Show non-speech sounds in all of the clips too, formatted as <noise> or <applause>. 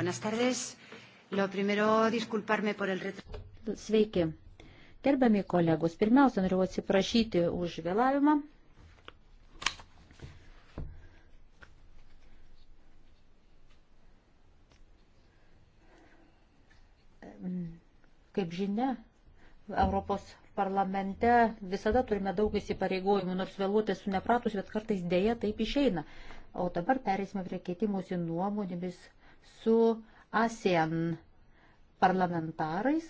Buenas tardes. Lo primero, disculparme por el retraso. Sveiki. Gerbiami kolegos, pirmiausia, noriu atsiprašyti už vėlavimą. Kaip žinia, Europos parlamente visada turime daug įsipareigojimų, nors vėluotė su nepratus, bet kartais dėja taip išeina. O dabar perėsime prie keitimus į nuomonėmis su ASEAN parlamentarais.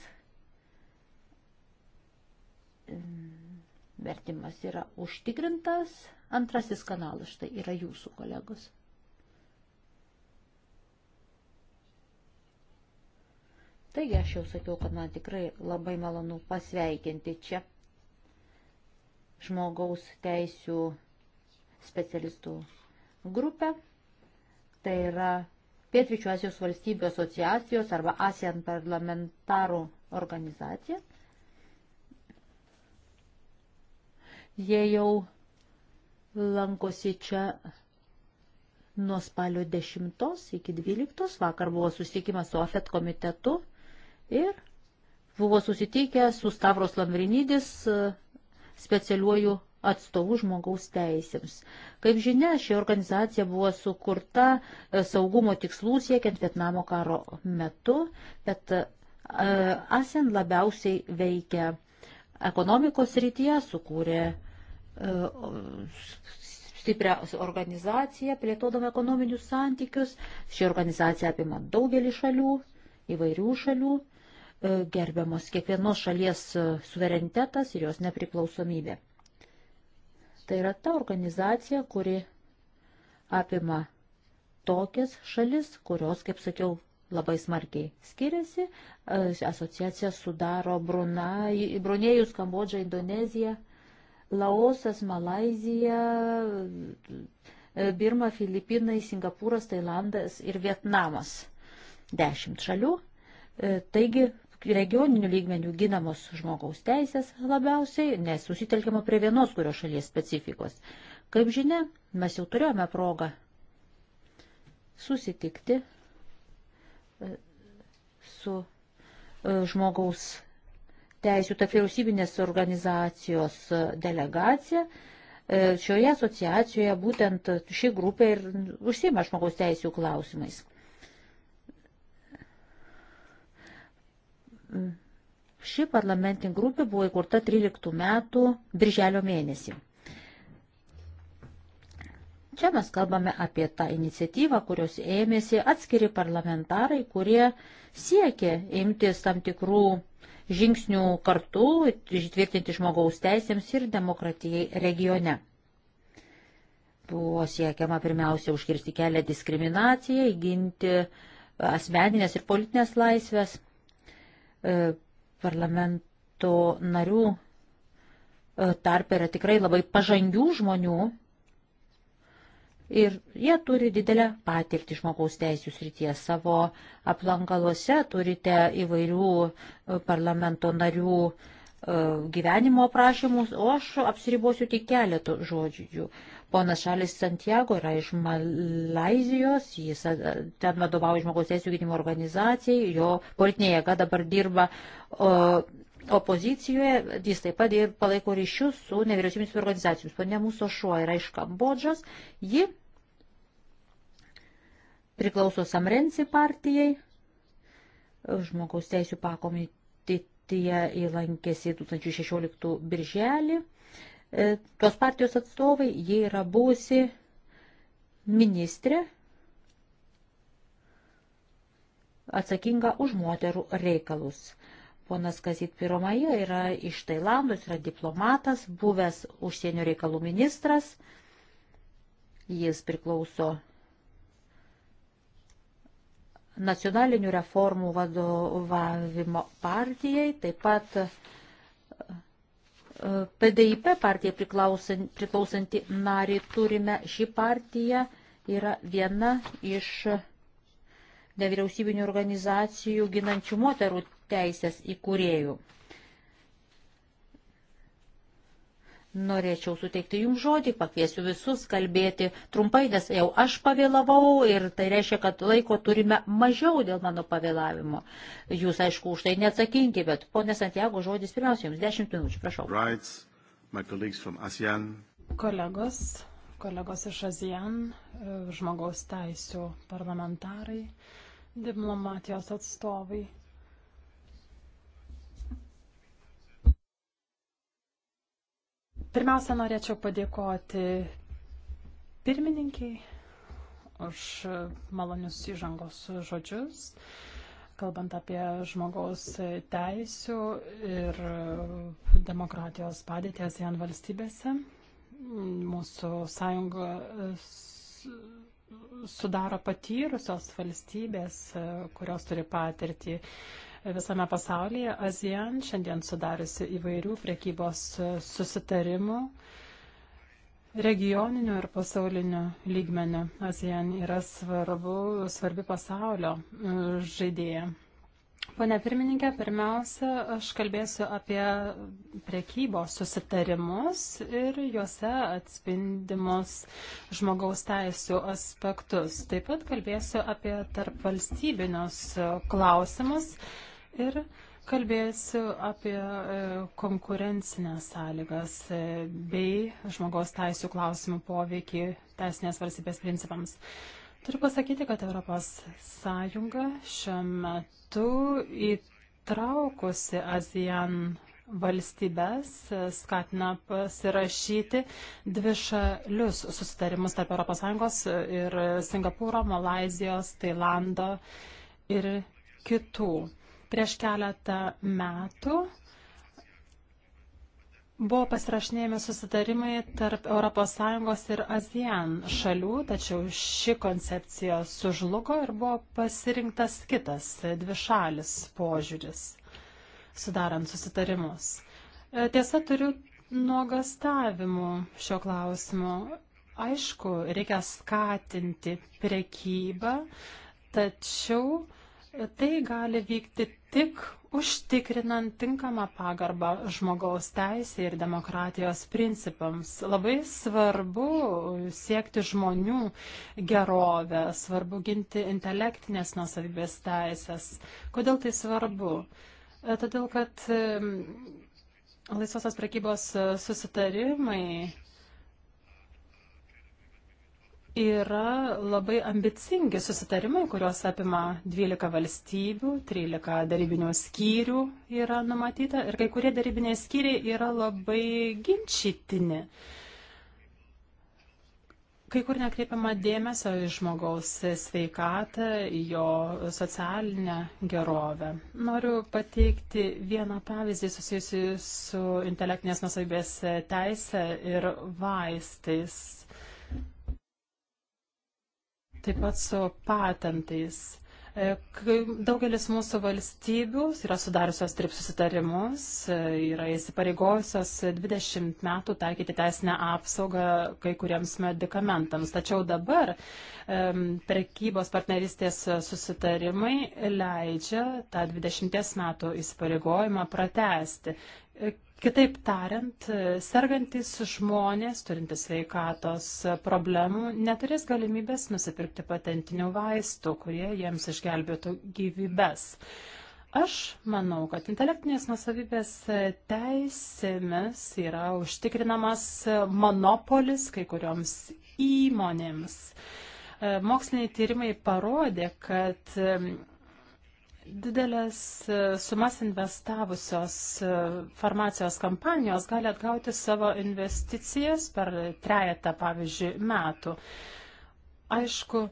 Vertimas yra užtikrintas. Antrasis kanalas štai yra jūsų kolegos. Taigi aš jau sakiau, kad man tikrai labai malonu pasveikinti čia žmogaus teisių specialistų grupę. Tai yra Pietryčių Azijos valstybių asociacijos arba ASEAN parlamentarų organizacija. Jie jau lankosi čia nuo spalio 10 iki 12. Vakar buvo susitikimas su AFET komitetu ir buvo susitikę su Stavros Lamrinydis specialiuoju atstovų žmogaus teisėms. Kaip žinia, ši organizacija buvo sukurta e, saugumo tikslų siekiant Vietnamo karo metu, bet e, ASEN labiausiai veikia ekonomikos rytyje, sukūrė e, stiprią organizaciją, plėtodama ekonominius santykius. Ši organizacija apima daugelį šalių, įvairių šalių, gerbiamos kiekvienos šalies suverenitetas ir jos nepriklausomybė. Tai yra ta organizacija, kuri apima tokias šalis, kurios, kaip sakiau, labai smarkiai skiriasi. E, Asociacija sudaro Brunėjus, Kambodža, Indonezija, Laosas, Malazija, e, Birma, Filipinai, Singapūras, Tailandas ir Vietnamas. Dešimt šalių. E, taigi regioninių lygmenių ginamos žmogaus teisės labiausiai, nes susitelkiama prie vienos kurio šalies specifikos. Kaip žinia, mes jau turėjome progą susitikti e, su e, žmogaus teisų tarp vyriausybinės organizacijos e, delegacija. Šioje asociacijoje būtent ši grupė ir užsima žmogaus teisų klausimais. Ši parlamentin grupė buvo įkurta 13 metų birželio mėnesį. Čia mes kalbame apie tą iniciatyvą, kurios ėmėsi atskiri parlamentarai, kurie siekė imtis tam tikrų žingsnių kartu, ištvirtinti žmogaus teisėms ir demokratijai regione. Buvo siekiama pirmiausia užkirsti kelią diskriminacijai, ginti asmeninės ir politinės laisvės E, parlamento narių e, tarp yra tikrai labai pažangių žmonių ir jie turi didelę patirtį žmogaus teisų srityje. Savo aplankaluose turite įvairių e, parlamento narių gyvenimo aprašymus, o aš apsiribosiu tik keletų žodžių. Ponas Šalis Santiago yra iš Malazijos, jis ten vadovauja žmogaus teisų gynimo organizacijai, jo politinė jėga dabar dirba o, opozicijoje, jis taip pat ir palaiko ryšius su nevyriausybinėmis organizacijomis. Pone mūsų šuo yra iš Kambodžos, ji priklauso Samrensi partijai, žmogaus teisų pakomitė. Vokietija įlankėsi 2016 birželį. E, tos partijos atstovai, jie yra buvusi ministrė atsakinga už moterų reikalus. Ponas Kazit Piromaja yra iš Tailando, jis yra diplomatas, buvęs užsienio reikalų ministras. Jis priklauso nacionalinių reformų vadovavimo partijai, taip pat PDIP partija priklausanti nariai turime. Ši partija yra viena iš nevyriausybinių organizacijų ginančių moterų teisės įkūrėjų. Norėčiau suteikti jums žodį, pakviesiu visus kalbėti trumpai, nes jau aš pavėlavau ir tai reiškia, kad laiko turime mažiau dėl mano pavėlavimo. Jūs, aišku, už tai neatsakingi, bet ponė Santiago žodis pirmiausia jums 10 minučių, prašau. Rights, kolegos, kolegos iš ASEAN, žmogaus teisų parlamentarai, diplomatijos atstovai, Pirmiausia, norėčiau padėkoti pirmininkiai už malonius įžangos žodžius, kalbant apie žmogaus teisų ir demokratijos padėtį ASEAN valstybėse. Mūsų sąjunga sudaro patyrusios valstybės, kurios turi patirtį visame pasaulyje. ASEAN šiandien sudariusi įvairių priekybos susitarimų regioniniu ir pasauliniu lygmeniu. ASEAN yra svarbu, svarbi pasaulio e, žaidėja. Pone pirmininkė, pirmiausia, aš kalbėsiu apie priekybos susitarimus ir juose atspindimus žmogaus teisų aspektus. Taip pat kalbėsiu apie tarpvalstybinius klausimus ir kalbėsiu apie e, konkurencinės sąlygas e, bei žmogaus teisų klausimų poveikį teisinės valstybės principams. Turiu pasakyti, kad Europos Sąjunga šiuo metu įtraukusi ASEAN valstybės e, skatina pasirašyti dvi šalius susitarimus tarp ES ir Singapūro, Malazijos, Tailando ir kitų. Prieš keletą metų buvo pasirašinėjami susitarimai tarp ES ir ASEAN šalių, tačiau ši koncepcija sužlugo ir buvo pasirinktas kitas dvišalis požiūris, sudarant susitarimus. E, tiesa, turiu nuogastavimų šio klausimu. Aišku, reikia skatinti prekybą, tačiau Tai gali vykti tik užtikrinant tinkamą pagarbą žmogaus teisė ir demokratijos principams. Labai svarbu siekti žmonių gerovę, svarbu ginti intelektinės nusavybės teisės. Kodėl tai svarbu? E, todėl, kad laisvosios prekybos susitarimai yra labai ambicingi susitarimai, kuriuos apima 12 valstybių, 13 darybinių skyrių yra numatyta ir kai kurie darybiniai skyriai yra labai ginčytini. Kai kur nekreipiama dėmesio į žmogaus sveikatą, jo socialinę gerovę. Noriu pateikti vieną pavyzdį susijusi su intelektinės nusavybės teise ir vaistais taip pat su patentais. E, daugelis mūsų valstybių yra sudariusios trip susitarimus, e, yra įsipareigojusios 20 metų taikyti teisinę apsaugą kai kuriems medikamentams. Tačiau dabar e, prekybos partnerystės susitarimai leidžia tą 20 metų įsipareigojimą pratesti. Kitaip tariant, sergantis žmonės, turintis sveikatos problemų, neturės galimybės nusipirkti patentinių vaistų, kurie jiems išgelbėtų gyvybės. Aš manau, kad intelektinės nusavybės teisėmis yra užtikrinamas monopolis kai kurioms įmonėms. Moksliniai tyrimai parodė, kad didelės e, sumas investavusios e, farmacijos kompanijos gali atgauti savo investicijas per trejetą, pavyzdžiui, metų. Aišku,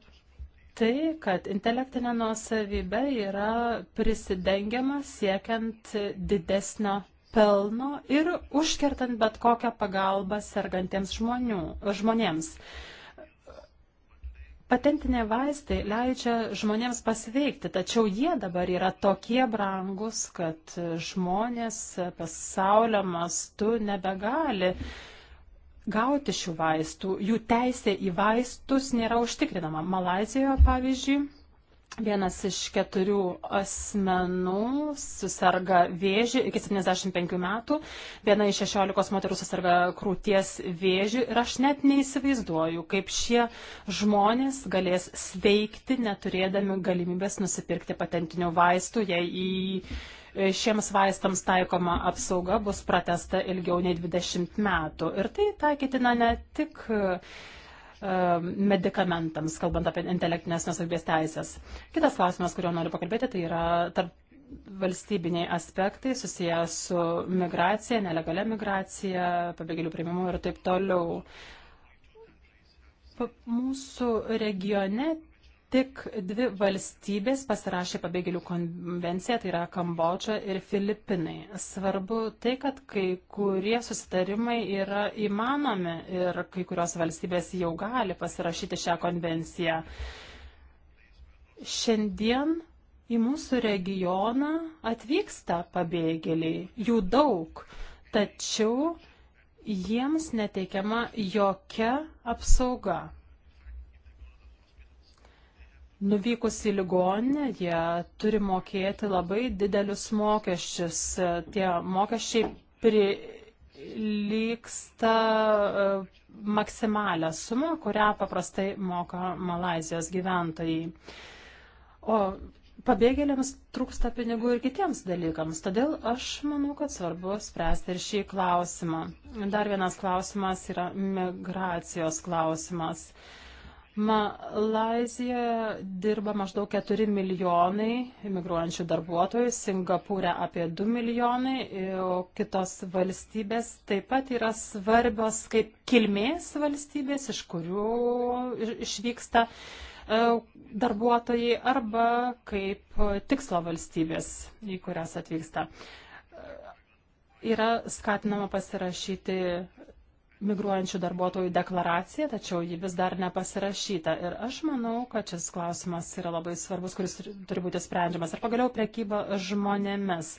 tai, kad intelektinė nuosavybė yra prisidengiama siekiant didesnio pelno ir užkertant bet kokią pagalbą sergantiems žmonių, žmonėms. Patentiniai vaistai leidžia žmonėms pasveikti, tačiau jie dabar yra tokie brangus, kad žmonės pasaulio mastu nebegali gauti šių vaistų. Jų teisė į vaistus nėra užtikrinama. Malazijoje, pavyzdžiui, Vienas iš keturių asmenų susirga vėžių iki 75 metų, viena iš 16 moterų susirga krūties vėžių ir aš net neįsivaizduoju, kaip šie žmonės galės sveikti, neturėdami galimybės nusipirkti patentinių vaistų, jei į e, šiems vaistams taikoma apsauga bus pratesta ilgiau nei 20 metų. Ir tai taikytina ne tik E, medikamentams, kalbant apie intelektinės nusavybės teisės. Kitas klausimas, kurio noriu pakalbėti, tai yra tarp valstybiniai aspektai susiję su migracija, nelegalia migracija, pabėgėlių priimimu ir taip toliau. Mūsų regione Tik dvi valstybės pasirašė pabėgėlių konvenciją, tai yra Kambodža ir Filipinai. Svarbu tai, kad kai kurie susitarimai yra įmanomi ir kai kurios valstybės jau gali pasirašyti šią konvenciją. Šiandien į mūsų regioną atvyksta pabėgėliai, jų daug, tačiau jiems neteikiama jokia apsauga. Nuvykus į ligoninę, jie turi mokėti labai didelius mokesčius. Tie mokesčiai prilyksta e, maksimalę sumą, kurią paprastai moka Malazijos gyventojai. O pabėgėliams trūksta pinigų ir kitiems dalykams, todėl aš manau, kad svarbu spręsti ir šį klausimą. Dar vienas klausimas yra migracijos klausimas. Uh, Malazija dirba maždaug 4 milijonai imigruojančių darbuotojų, Singapūrė apie 2 milijonai, o kitos valstybės taip pat yra svarbios kaip kilmės valstybės, iš kurių išvyksta e, darbuotojai arba kaip tikslo valstybės, į kurias atvyksta e, yra skatinama pasirašyti migruojančių darbuotojų deklaracija, tačiau ji vis dar nepasirašyta. Ir aš manau, kad šis klausimas yra labai svarbus, kuris turi būti sprendžiamas. Ir pagaliau priekyba žmonėmis.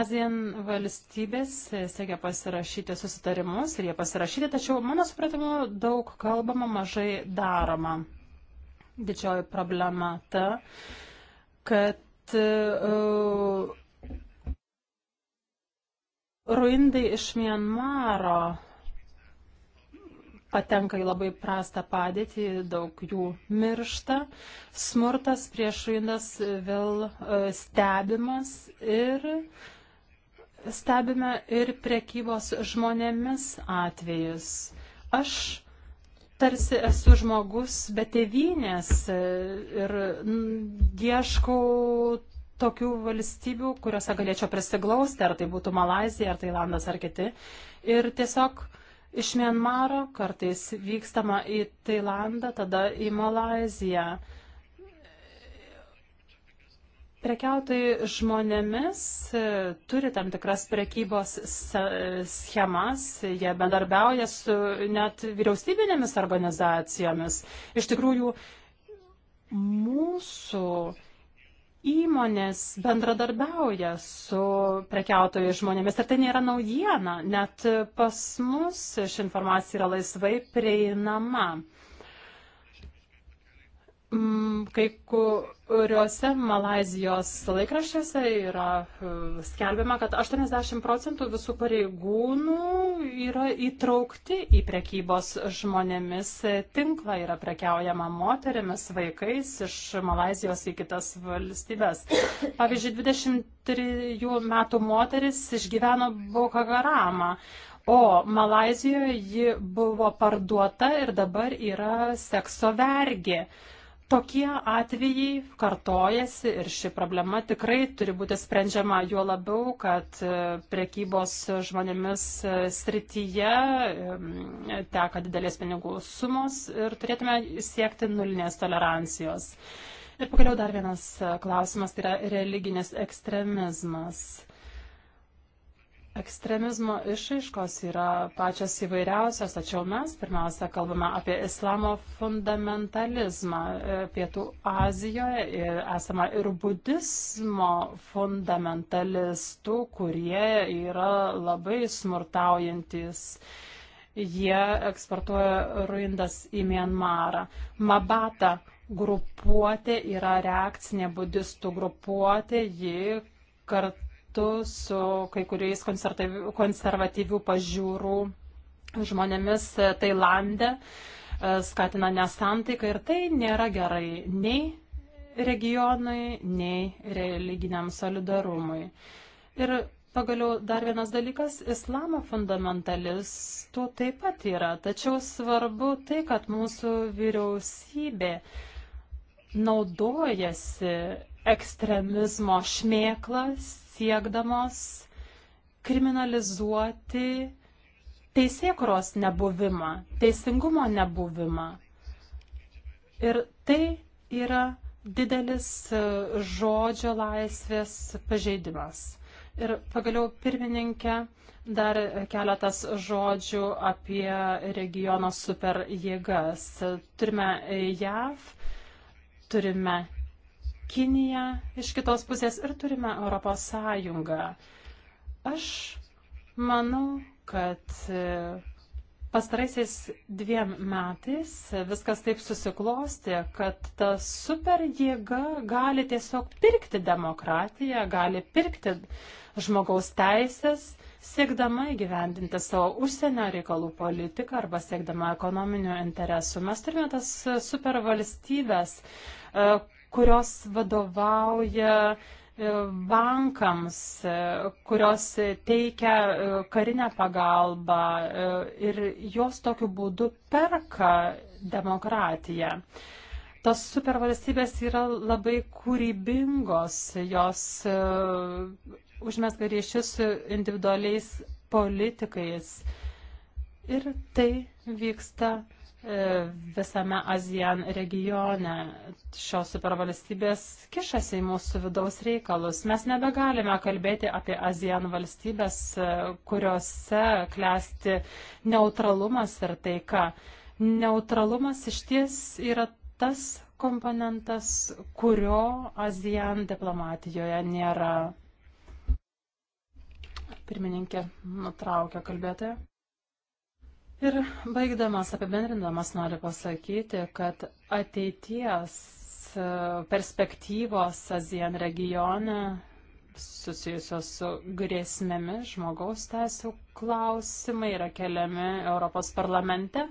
Azijan valstybės siekia pasirašyti susitarimus ir jie pasirašyti, tačiau mano supratimu daug kalbama, mažai daroma. Didžioji problema ta, kad uh, ruindai iš Mianmaro patenka į labai prastą padėtį, daug jų miršta. Smurtas prieš ruinas vėl e, stebimas ir stebime ir prekybos žmonėmis atvejus. Aš tarsi esu žmogus be tėvynės e, ir ieškau tokių valstybių, kuriuose galėčiau prisiglausti, ar tai būtų Malazija, ar Tailandas, ar kiti. Ir tiesiog uh, iš Mienmaro, kartais vykstama į Tailandą, tada į Malaziją. Prekiautojai žmonėmis e, turi tam tikras prekybos schemas, jie bendarbiauja su net vyriausybinėmis organizacijomis. Iš tikrųjų, mūsų Įmonės bendradarbiauja su prekiautojai žmonėmis ir tai nėra naujiena, net pas mus ši informacija yra laisvai prieinama. Mm, kai kuriuose Malazijos laikraščiuose yra e, skelbiama, kad 80 procentų visų pareigūnų yra įtraukti į prekybos žmonėmis tinklą, yra prekiaujama moterimis, vaikais iš Malazijos į kitas valstybės. Pavyzdžiui, 23 metų moteris išgyveno Bokagaramą. O Malazijoje ji buvo parduota ir dabar yra sekso vergė. Tokie atvejai kartojasi ir ši problema tikrai turi būti sprendžiama, juo labiau, kad e, prekybos žmonėmis e, srityje teka didelės pinigų sumos ir turėtume siekti nulinės tolerancijos. Ir pagaliau dar vienas e, klausimas, tai yra religinis ekstremizmas. Ekstremizmo išaiškos yra pačios įvairiausios, tačiau mes pirmiausia kalbame apie islamo fundamentalizmą. E, Pietų Azijoje ir esama ir budizmo fundamentalistų, kurie yra labai smurtaujantis. Jie eksportuoja ruindas į Mienmarą. Mabata grupuotė yra reakcinė budistų grupuotė, ji kartu kartu su kai kuriais konservatyvių pažiūrų žmonėmis Tailande, e, skatina nesantaiką ir tai nėra gerai nei regionui, nei religiniam solidarumui. Ir Pagaliau dar vienas dalykas - islamo fundamentalistų taip pat yra, tačiau svarbu tai, kad mūsų vyriausybė naudojasi ekstremizmo šmėklas siekdamos kriminalizuoti teisėkros nebuvimą, teisingumo nebuvimą. Ir tai yra didelis e, žodžio laisvės pažeidimas. Ir pagaliau pirmininkė dar keletas žodžių apie regiono superjėgas. Turime JAV, turime Kiniją iš kitos pusės ir turime Europos Sąjungą. Aš manau, kad e, pastaraisiais dviem metais viskas taip susiklosti, kad ta super jėga gali tiesiog pirkti demokratiją, gali pirkti žmogaus teisės siekdama įgyvendinti savo užsienio reikalų politiką arba siekdama ekonominių interesų. Mes turime tas supervalstybės, e, kurios vadovauja e, bankams, e, kurios teikia e, karinę pagalbą ir jos tokiu būdu perka demokratiją. Tos supervalstybės yra labai kūrybingos, jos užmesga ryšius su individualiais politikais. Ir tai vyksta E, visame ASEAN regione. Šios supervalstybės kišasi į mūsų vidaus reikalus. Mes nebegalime kalbėti apie ASEAN valstybės, e, kuriuose klesti neutralumas ir taika. Neutralumas iš ties yra tas komponentas, kurio ASEAN diplomatijoje nėra. Pirmininkė nutraukė kalbėtoją. Ir baigdamas, apibendrindamas noriu pasakyti, kad ateities e, perspektyvos ASEAN regione susijusios su grėsmėmis žmogaus teisų klausimai yra keliami Europos parlamente,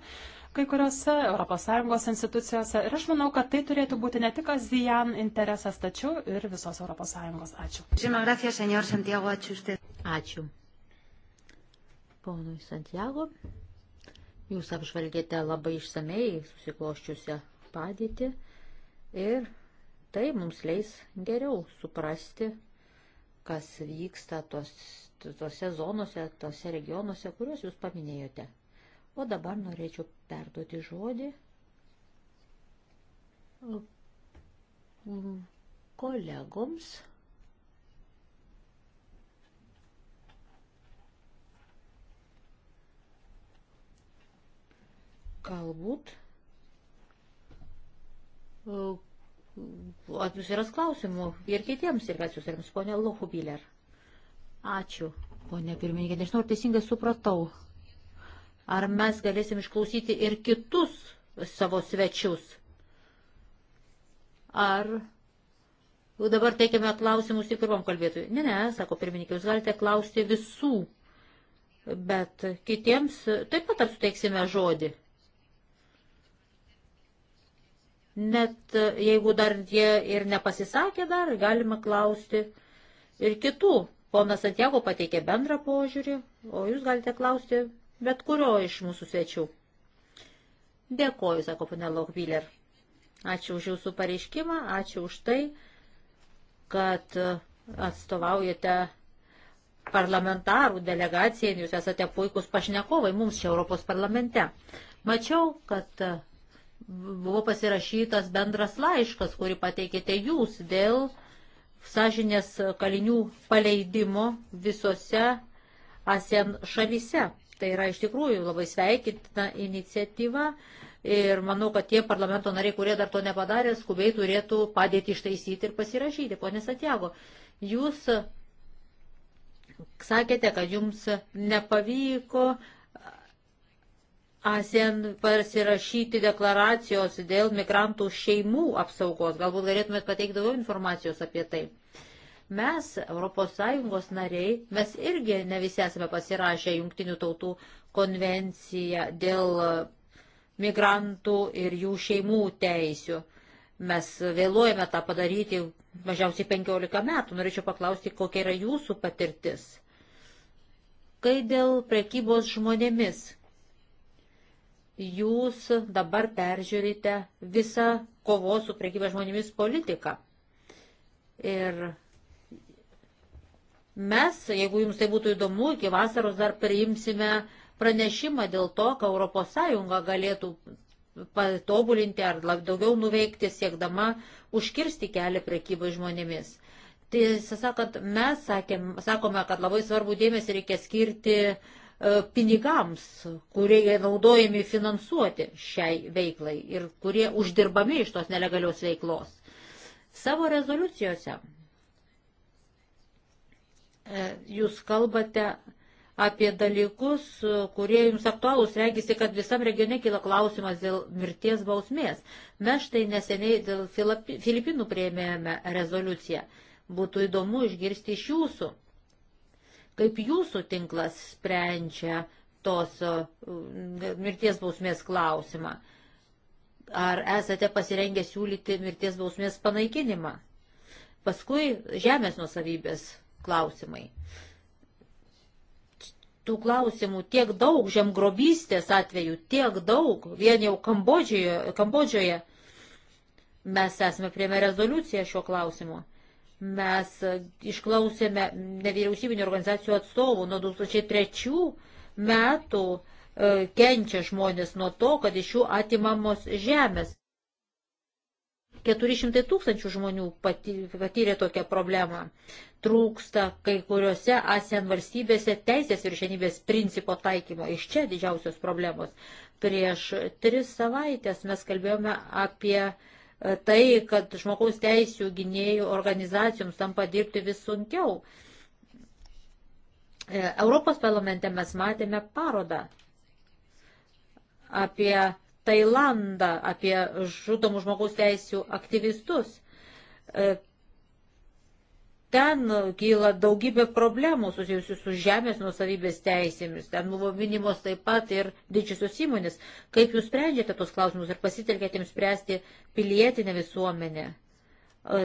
kai kuriuose ES institucijose. Ir aš manau, kad tai turėtų būti ne tik ASEAN interesas, tačiau ir visos ES. Ačiū. Ačiū. Ponui Santiago. Jūs apžvelgėte labai išsamei susikloščiusią padėtį ir tai mums leis geriau suprasti, kas vyksta tos, tose zonose, tose regionuose, kuriuos jūs paminėjote. O dabar norėčiau perduoti žodį kolegoms Galbūt. E, Atviras klausimų ir kitiems sirgacijos arims, ponė Lohubiler. Ačiū, ponė pirmininkė. Nežinau, ar teisingai supratau. Ar mes galėsim išklausyti ir kitus savo svečius? Ar dabar teikiame klausimus tik pirmam kalbėtojui? Ne, ne, sako pirmininkė, jūs galite klausti visų, bet kitiems taip pat ar suteiksime žodį. Net e, jeigu dar jie ir nepasisakė dar, galima klausti ir kitų. Ponas Santiago pateikė bendrą požiūrį, o jūs galite klausti bet kurio iš mūsų svečių. Dėkoju, sako ponė Lokviler. Ačiū už jūsų pareiškimą, ačiū už tai, kad atstovaujate parlamentarų delegaciją, jūs esate puikus pašnekovai mums čia Europos parlamente. Mačiau, kad buvo pasirašytas bendras laiškas, kurį pateikėte jūs dėl sąžinės kalinių paleidimo visose ASEAN šalyse. Tai yra iš tikrųjų labai sveikintina iniciatyva ir manau, kad tie parlamento nariai, kurie dar to nepadarė, skubiai turėtų padėti ištaisyti ir pasirašyti. Pone Santiago, jūs sakėte, kad jums nepavyko ASEAN pasirašyti deklaracijos dėl migrantų šeimų apsaugos. Galbūt galėtumėt pateikti daugiau informacijos apie tai. Mes, ES nariai, mes irgi ne visi esame pasirašę Junktinių tautų konvenciją dėl migrantų ir jų šeimų teisių. Mes vėluojame tą padaryti mažiausiai 15 metų. Norėčiau paklausti, kokia yra jūsų patirtis. Kai dėl prekybos žmonėmis jūs dabar peržiūrite visą kovos su prekyba žmonėmis politiką. Ir mes, jeigu jums tai būtų įdomu, iki vasaros dar priimsime pranešimą dėl to, ką ES galėtų patobulinti ar daugiau nuveikti siekdama užkirsti kelią prekybai žmonėmis. Tiesą sakant, mes sakėm, sakome, kad labai svarbu dėmesį reikia skirti uh, E, pinigams, kurie naudojami finansuoti šiai veiklai ir kurie uždirbami iš tos nelegalios veiklos. Savo rezoliucijose e, jūs kalbate apie dalykus, kurie jums aktualūs, regisi, kad visam regione kila klausimas dėl mirties bausmės. Mes štai neseniai dėl Filipinų prieimėjome rezoliuciją. Būtų įdomu išgirsti iš jūsų Kaip jūsų tinklas sprendžia tos e, mirties bausmės klausimą? Ar esate pasirengę siūlyti mirties bausmės panaikinimą? Paskui žemės nusavybės klausimai. Tų klausimų tiek daug, žemgrobystės atveju tiek daug, vien jau Kambodžioje, Kambodžioje mes esame prieimę rezoliuciją šiuo klausimu. Mes e, išklausėme nevyriausybinio organizacijų atstovų nuo 2003 metų e, kenčia žmonės nuo to, kad iš jų atimamos žemės. 400 tūkstančių žmonių patyrė tokią problemą. Trūksta kai kuriuose ASEAN valstybėse teisės viršenybės principo taikymo. Iš čia didžiausios problemos. Prieš tris savaitės mes kalbėjome apie E, tai, kad žmogaus teisų gynėjų organizacijoms tampa dirbti vis sunkiau. E, Europos parlamente mes matėme parodą apie Tailandą, apie žudomų žmogaus teisų aktyvistus. E, Ten kyla daugybė problemų susijusių su žemės nusavybės teisėmis. Ten buvo minimos taip pat ir didžiosios įmonės. Kaip jūs sprendžiate tos klausimus ir pasitelkėte jums spręsti pilietinę visuomenę? E,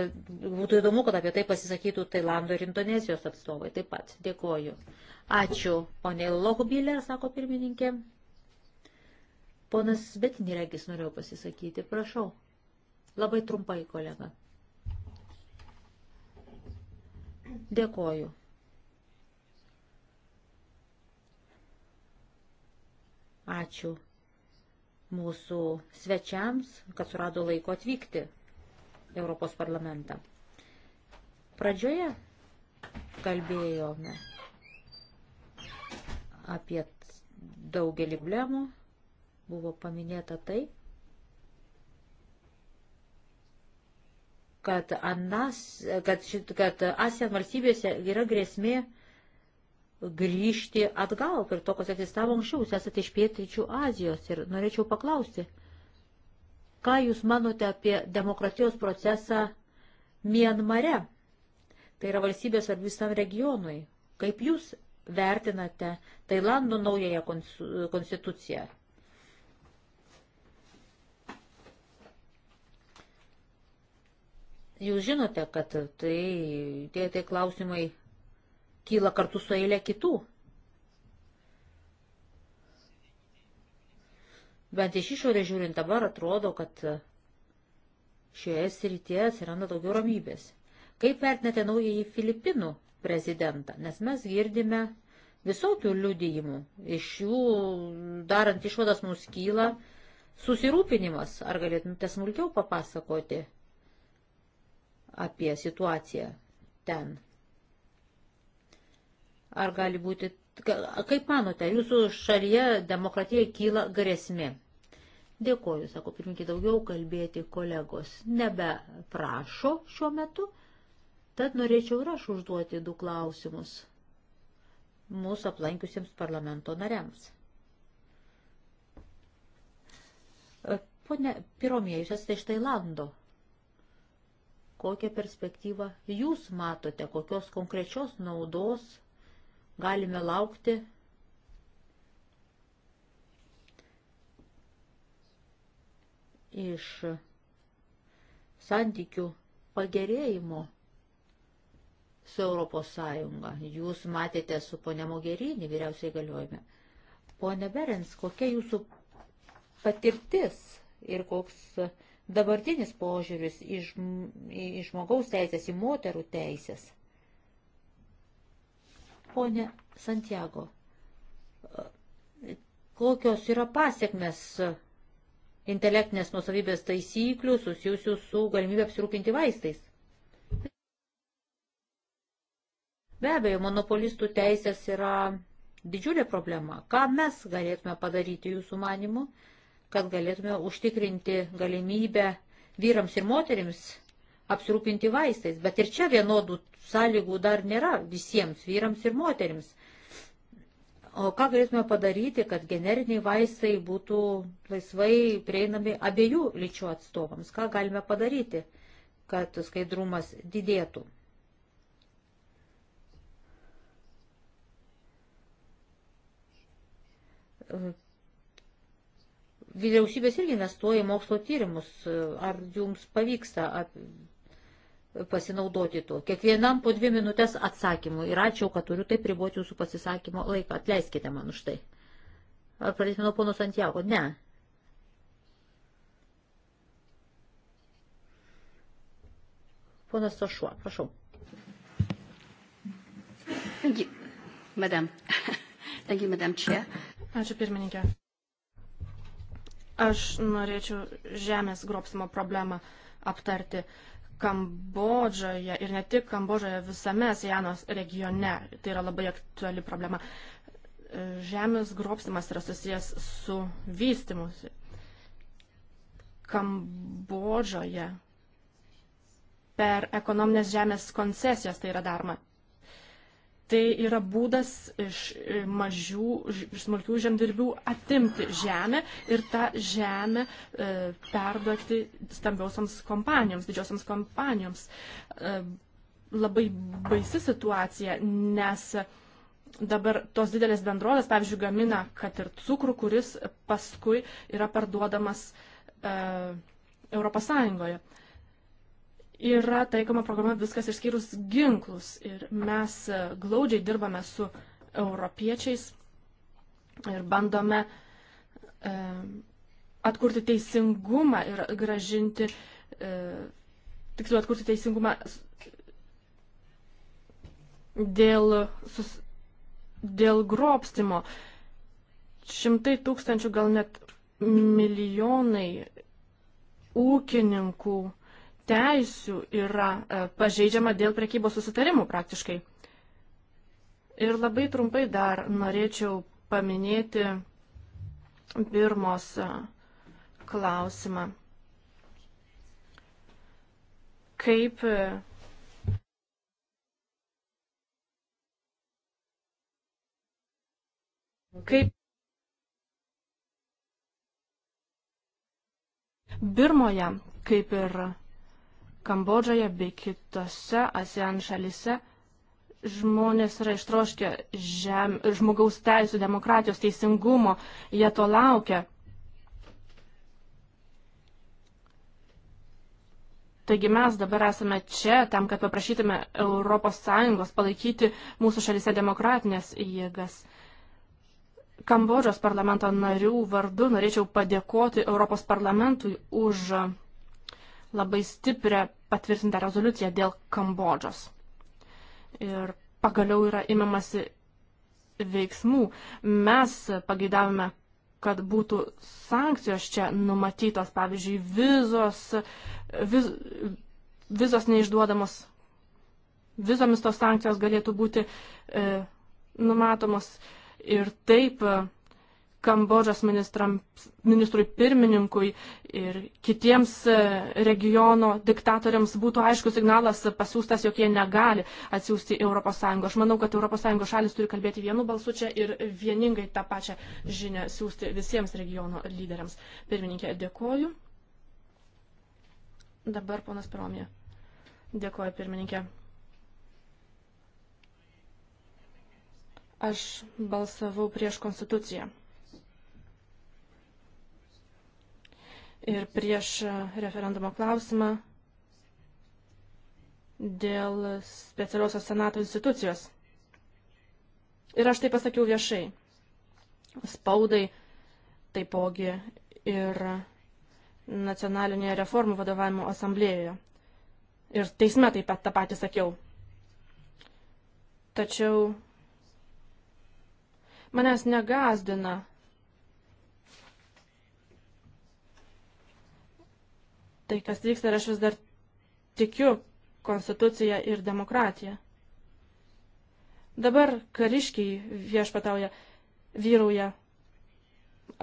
būtų įdomu, kad apie tai pasisakytų Tailando ir Indonezijos atstovai. Taip pat dėkoju. Ačiū, ponė Lohubylė, sako pirmininkė. Ponas Betinį regis norėjau pasisakyti. Prašau. Labai trumpai, kolega. Dėkoju. Ačiū mūsų svečiams, kad surado laiko atvykti Europos parlamentą. Pradžioje kalbėjome apie daugelį blemų, buvo paminėta tai, kad, anas, kad, šit, kad ASEAN valstybėse yra grėsmė grįžti atgal prie to, kas egzistavo anksčiau. Jūs esate iš pietryčių Azijos ir norėčiau paklausti, ką Jūs manote apie demokratijos procesą Mienmare? Tai yra valstybės ar visam regionui. Kaip Jūs vertinate Tailando naująją konstituciją? Jūs žinote, kad tai, tie, tai klausimai kyla kartu su eilė kitų. Bent iš išorės žiūrint dabar atrodo, kad šioje srityje atsiranda daugiau ramybės. Kaip vertinate naująjį Filipinų prezidentą? Nes mes girdime visokių liudijimų. Iš jų, darant išvadas, mums kyla susirūpinimas. Ar galėtumėte smulkiau papasakoti apie situaciją ten. Ar gali būti, kaip manote, jūsų šalyje demokratija kyla grėsmė? Dėkoju, sako pirmininkė, daugiau kalbėti kolegos nebeprašo šiuo metu, tad norėčiau ir aš užduoti du klausimus mūsų aplankiusiems parlamento nariams. Pone Piromėjus, esate iš Tailando kokią perspektyvą jūs matote, kokios konkrečios naudos galime laukti iš santykių pagerėjimo su Europos Sąjunga. Jūs matėte su ponia Mogerinį vyriausiai galiojime. Pone Berens, kokia jūsų patirtis ir koks Dabartinis požiūris į, žm į žmogaus teisės, į moterų teisės. Pone Santiago, kokios yra pasiekmes intelektinės nusavybės taisyklių susijusių su galimybė apsirūpinti vaistais? Be abejo, monopolistų teisės yra didžiulė problema. Ką mes galėtume padaryti jūsų manimu? kad galėtume užtikrinti galimybę vyrams ir moterims apsirūpinti vaistais. Bet ir čia vienodų sąlygų dar nėra visiems vyrams ir moterims. O ką galėtume padaryti, kad generiniai vaistai būtų laisvai prieinami abiejų lyčių atstovams? Ką galime padaryti, kad skaidrumas didėtų? Vyriausybės irgi investuoja į mokslo tyrimus. Ar jums pavyksta pasinaudoti tuo? Kiekvienam po dvi minutės atsakymų. Ir ačiū, kad turiu taip riboti jūsų pasisakymo laiką. Atleiskite man už tai. Ar pradėsime nuo pono Santiago? Ne. Ponas Sošuo, prašau. Madam. <laughs> Thank you, Madam Chair. Ačiū pirmininkė. Aš norėčiau žemės grobsimo problemą aptarti. Kambodžoje ir ne tik Kambodžoje, visame Sijanos regione. Tai yra labai aktuali problema. Žemės grobstimas yra susijęs su vystimusi. Kambodžoje per ekonominės žemės koncesijas tai yra daroma. Tai yra būdas iš mažių, iš smulkių žemdirbių atimti žemę ir tą žemę e, perduoti stambiausiams kompanijoms, didžiosiams kompanijoms. E, labai baisi situacija, nes dabar tos didelės bendrovės, pavyzdžiui, gamina, kad ir cukrų, kuris paskui yra parduodamas e, Europos Sąjungoje yra taikoma programa viskas išskyrus ginklus. Ir mes e, glaudžiai dirbame su europiečiais ir bandome e, atkurti teisingumą ir gražinti, e, tiksliau atkurti teisingumą dėl, sus, dėl grobstimo. Šimtai tūkstančių, gal net milijonai ūkininkų teisių yra e, pažeidžiama dėl prekybos susitarimų praktiškai. Ir labai trumpai dar norėčiau paminėti Birmos e, klausimą. Kaip e, kaip Birmoje, kaip ir Kambodžoje bei kitose ASEAN šalise žmonės yra ištroškę žem, žmogaus teisų, demokratijos, teisingumo, jie to laukia. Taigi mes dabar esame čia tam, kad paprašytume ES palaikyti mūsų šalise demokratinės jėgas. Kambodžos parlamento narių vardu norėčiau padėkoti Europos parlamentui už labai stiprią patvirtintą rezoliuciją dėl Kambodžos. Ir pagaliau yra imamasi veiksmų. Mes pageidavome, kad būtų sankcijos čia numatytos, pavyzdžiui, vizos, viz, vizos neišduodamos, vizomis tos sankcijos galėtų būti e, numatomos ir taip. E, Kambodžos ministrui pirmininkui ir kitiems e, regiono diktatoriams būtų aiškus signalas pasiūstas, jog jie negali atsiųsti ES. Aš manau, kad ES šalis turi kalbėti vienu balsu čia ir vieningai tą pačią žinią siūsti visiems regiono lyderiams. Pirmininkė, dėkoju. Dabar ponas Piromė. Dėkoju, pirmininkė. Aš balsavau prieš konstituciją. ir prieš referendumo klausimą dėl specialiosios senato institucijos. Ir aš tai pasakiau viešai. Spaudai taipogi ir nacionalinėje reformų vadovavimo asamblėjoje. Ir teisme taip pat tą patį sakiau. Tačiau manęs negazdina tai, kas vyksta ir aš vis dar tikiu konstituciją ir demokratiją. Dabar kariškiai viešpatauja, vyrauja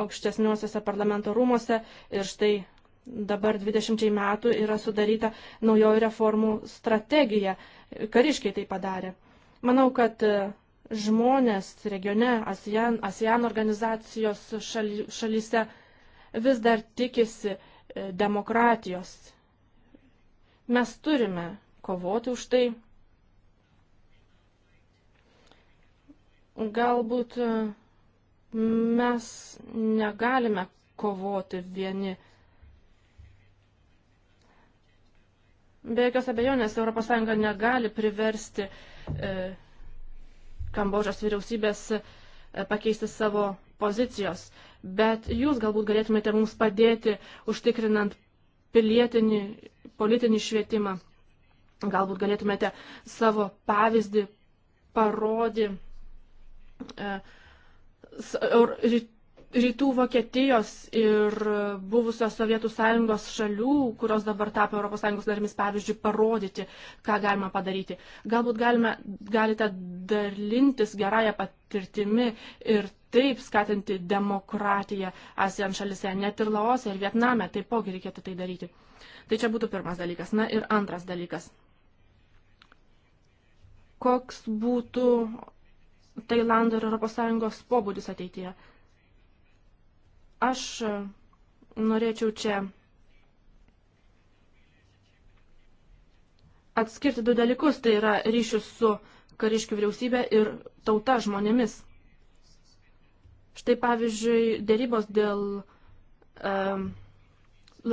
aukštesniuosiuose parlamento rūmose ir štai dabar 20 metų yra sudaryta naujoji reformų strategija. Kariškiai tai padarė. Manau, kad e, žmonės regione, ASEAN, ASEAN organizacijos šaly, šalyse vis dar tikisi E, demokratijos. Mes turime kovoti už tai. Galbūt e, mes negalime kovoti vieni. Be jokios abejonės ES negali priversti e, Kambožos vyriausybės e, pakeisti savo pozicijos bet jūs galbūt galėtumėte mums padėti užtikrinant pilietinį, politinį švietimą. Galbūt galėtumėte savo pavyzdį parodyti. E, rytų Vokietijos ir buvusios Sovietų sąjungos šalių, kurios dabar tapo Europos sąjungos narimis, pavyzdžiui, parodyti, ką galima padaryti. Galbūt galime, galite dalintis gerąją patirtimi ir taip skatinti demokratiją ASEAN šalise, net ir Laose ir Vietname, taipogi reikėtų tai daryti. Tai čia būtų pirmas dalykas. Na ir antras dalykas. Koks būtų Tailando ir ES pobūdis ateityje? Aš norėčiau čia atskirti du dalykus, tai yra ryšius su kariškių vyriausybė ir tauta žmonėmis. Štai pavyzdžiui, dėrybos dėl um,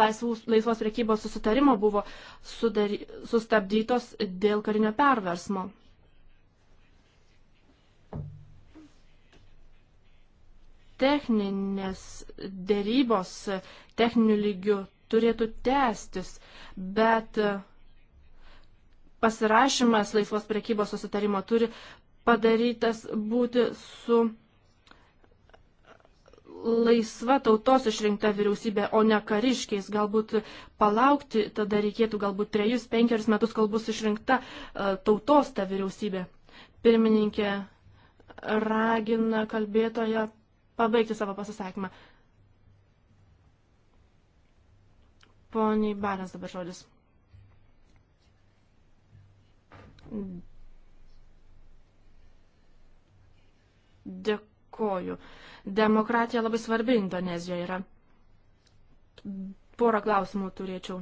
laisvus, laisvos priekybos susitarimo buvo sudary, sustabdytos dėl karinio perversmo. techninės dėrybos techninių lygių turėtų tęstis, bet e, pasirašymas laisvos prekybos susitarimo turi padarytas būti su laisva tautos išrinkta vyriausybė, o ne kariškiais. Galbūt palaukti tada reikėtų galbūt trejus, penkerius metus, kol bus išrinkta e, tautos ta vyriausybė. Pirmininkė ragina kalbėtoje pabaigti savo pasisakymą. Poniai Baras dabar žodis. Dėkoju. Demokratija labai svarbi Indonezijoje yra. Porą klausimų turėčiau.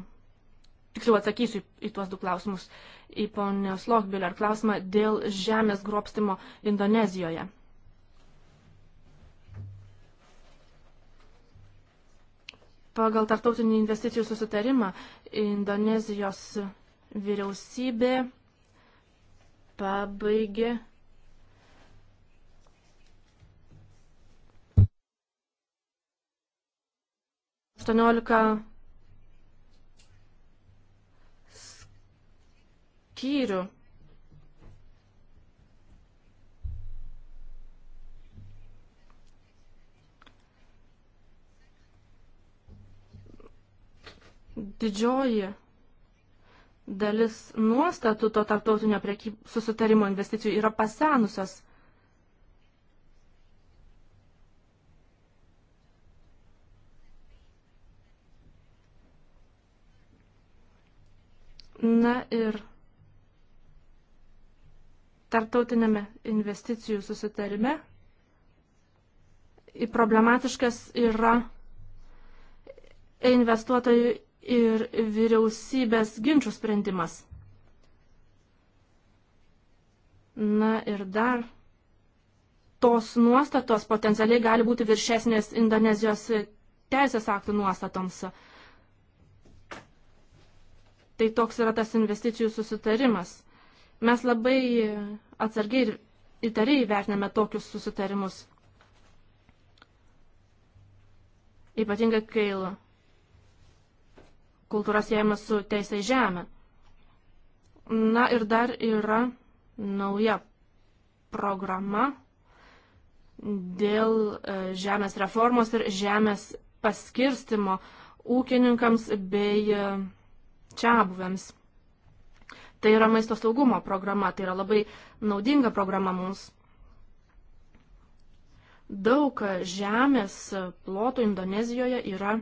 Tiksliau atsakysiu į tuos du klausimus. Į ponios Lokbiller klausimą dėl žemės grobstimo Indonezijoje. Pagal tartautinį investicijų susitarimą Indonezijos vyriausybė pabaigė aštuoniolika skyrių Didžioji dalis nuostatų to tarptautinio priekyb... susitarimo investicijų yra pasenusios. Na ir tarptautinėme investicijų susitarime problematiškas yra investuotojų ir vyriausybės ginčių sprendimas. Na ir dar tos nuostatos potencialiai gali būti viršesnės Indonezijos teisės aktų nuostatoms. Tai toks yra tas investicijų susitarimas. Mes labai atsargiai ir įtariai vertiname tokius susitarimus. Ypatingai kailą kultūra siejama su teisė į žemę. Na ir dar yra nauja programa dėl e, žemės reformos ir žemės paskirstimo ūkininkams bei e, čia buvėms. Tai yra maisto saugumo programa, tai yra labai naudinga programa mums. Daug žemės plotų Indonezijoje yra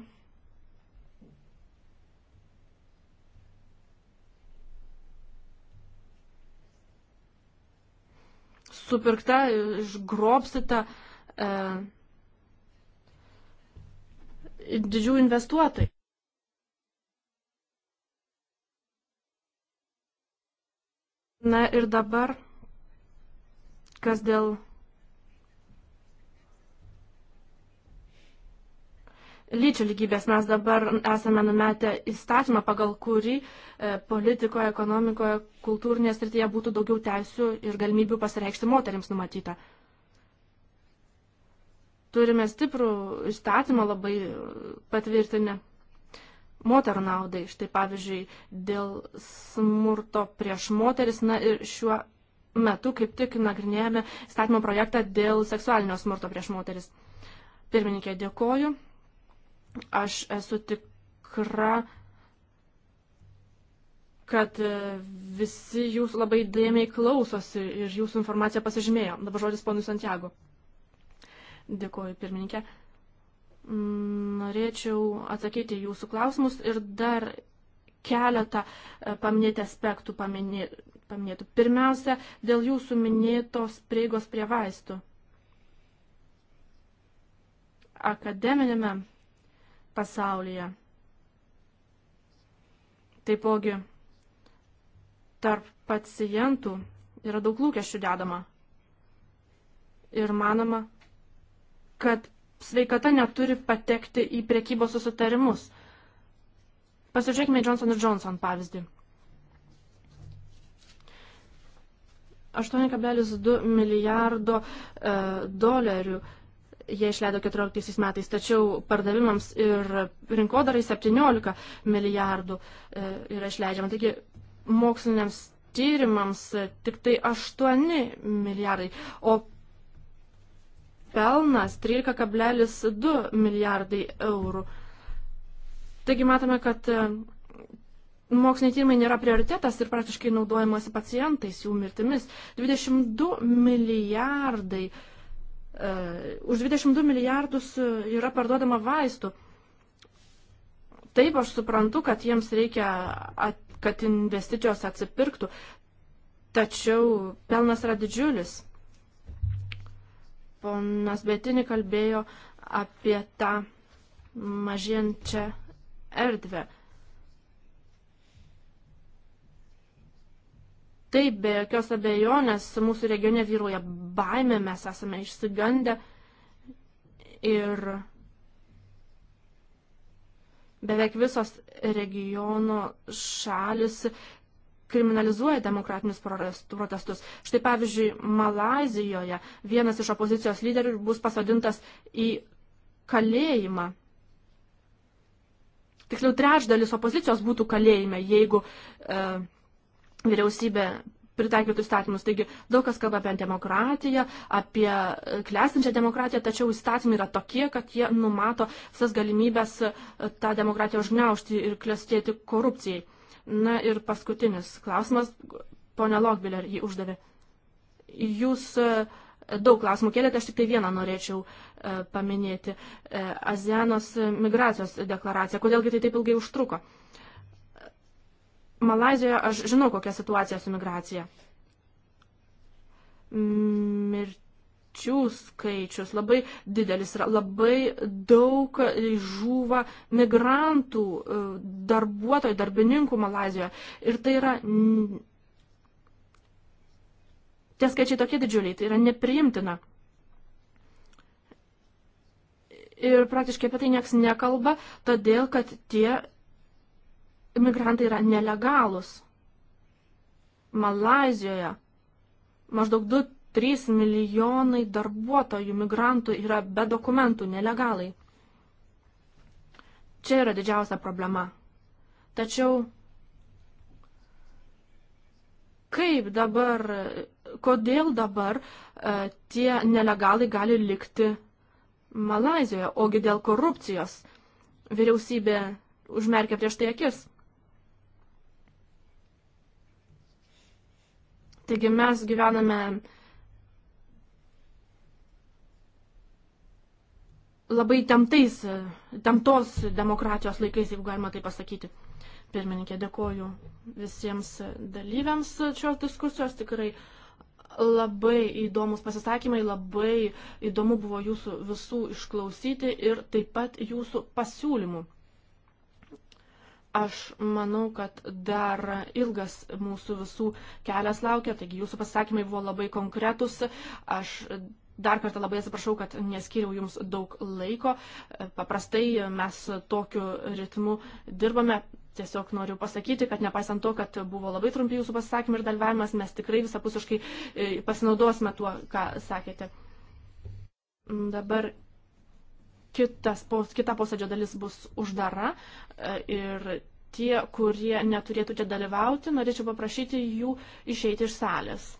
supirkta, išgrobsita e, didžių investuotojų. Na ir dabar, kas dėl lyčių lygybės mes dabar esame numetę įstatymą, pagal kurį e, politikoje, ekonomikoje, kultūrinėje srityje būtų daugiau teisių ir galimybių pasireikšti moteriams numatyta. Turime stiprų įstatymą labai patvirtinę moterų naudai. Štai pavyzdžiui, dėl smurto prieš moteris, na ir šiuo metu kaip tik nagrinėjame įstatymo projektą dėl seksualinio smurto prieš moteris. Pirmininkė, dėkoju. Aš esu tikra, kad visi jūs labai dėmiai klausosi ir jūsų informacija pasižymėjo. Dabar žodis ponui Santiago. Dėkuoju, pirmininkė. Norėčiau atsakyti jūsų klausimus ir dar keletą e, paminėti aspektų paminėtų. Pirmiausia, dėl jūsų minėtos prieigos prie vaistų. Akademinėme pasaulyje. Taipogi, tarp pacientų yra daug lūkesčių dedama. Ir manoma, kad sveikata neturi patekti į priekybos susitarimus. Pasižiūrėkime Johnson Johnson pavyzdį. 8,2 milijardo e, dolerių e, jie išleido 14 metais, tačiau pardavimams ir rinkodarai 17 milijardų e, yra išleidžiama. Taigi moksliniams tyrimams e, tik tai 8 milijardai, o pelnas 13,2 milijardai eurų. Taigi matome, kad e, moksliniai tyrimai nėra prioritetas ir praktiškai naudojamasi pacientais, jų mirtimis. 22 milijardai eurų E, už 22 milijardus e, yra parduodama vaistų. Taip, aš suprantu, kad jiems reikia, kad investicijos atsipirktų, tačiau pelnas yra didžiulis. Ponas Betini kalbėjo apie tą mažėjančią erdvę. Taip, be jokios abejonės, mūsų regione vyruoja baime, mes esame išsigandę ir beveik visos regiono šalis kriminalizuoja demokratinius protestus. Štai pavyzdžiui, Malazijoje vienas iš opozicijos lyderių bus pasodintas į kalėjimą. Tiksliau, trečdalis opozicijos būtų kalėjime, jeigu e, vyriausybė pritaikytų įstatymus. Taigi daug kas kalba apie demokratiją, apie klestinčią demokratiją, tačiau įstatymai yra tokie, kad jie numato visas galimybės e, tą demokratiją užgneušti ir klestėti korupcijai. Na ir paskutinis klausimas, ponia Lokbiler jį uždavė. Jūs e, daug klausimų kėlėte, aš tik tai vieną norėčiau e, paminėti. Azianos migracijos deklaracija. Kodėlgi tai taip ilgai užtruko? Malazijoje aš žinau, kokia situacija su migracija. Mirčių skaičius labai didelis yra, labai daug žūva migrantų, e, darbuotojų, darbininkų Malazijoje. Ir tai yra. Tie skaičiai tokie didžiuliai, tai yra nepriimtina ir praktiškai apie tai nieks nekalba, todėl kad tie imigrantai yra nelegalus. Malazijoje maždaug 2-3 milijonai darbuotojų migrantų yra be dokumentų, nelegalai. Čia yra didžiausia problema. Tačiau kaip dabar, kodėl dabar e, tie nelegalai gali likti Malazijoje, ogi dėl korupcijos vyriausybė užmerkė prieš tai akis. Taigi mes gyvename labai temtais, temtos demokratijos laikais, jeigu galima tai pasakyti. Pirmininkė, dėkoju visiems dalyviams šios diskusijos. Tikrai labai įdomus pasisakymai, labai įdomu buvo jūsų visų išklausyti ir taip pat jūsų pasiūlymų. Aš manau, kad dar ilgas mūsų visų kelias laukia, taigi jūsų pasakymai buvo labai konkretus. Aš dar kartą labai atsiprašau, kad neskiriau jums daug laiko. Paprastai mes tokiu ritmu dirbame. Tiesiog noriu pasakyti, kad nepaisant to, kad buvo labai trumpi jūsų pasisakymai ir dalyvavimas, mes tikrai visapusiškai e, pasinaudosime tuo, ką sakėte. Dabar kitas, kita posėdžio dalis bus uždara e, ir tie, kurie neturėtų čia dalyvauti, norėčiau paprašyti jų išeiti iš salės.